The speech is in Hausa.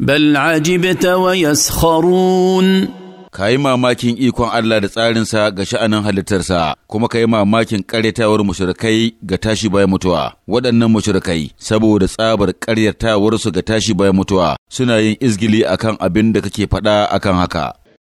bal ajibta wa yaskharun kai mamakin ikon Allah da tsarinsa ga sha'anin halittarsa kuma ka mamakin karyatawar mushrikai ga tashi bayan mutuwa waɗannan mushrikai saboda tsabar karyatawarsu ga tashi bayan mutuwa suna yin izgili akan abin da kake faɗa akan haka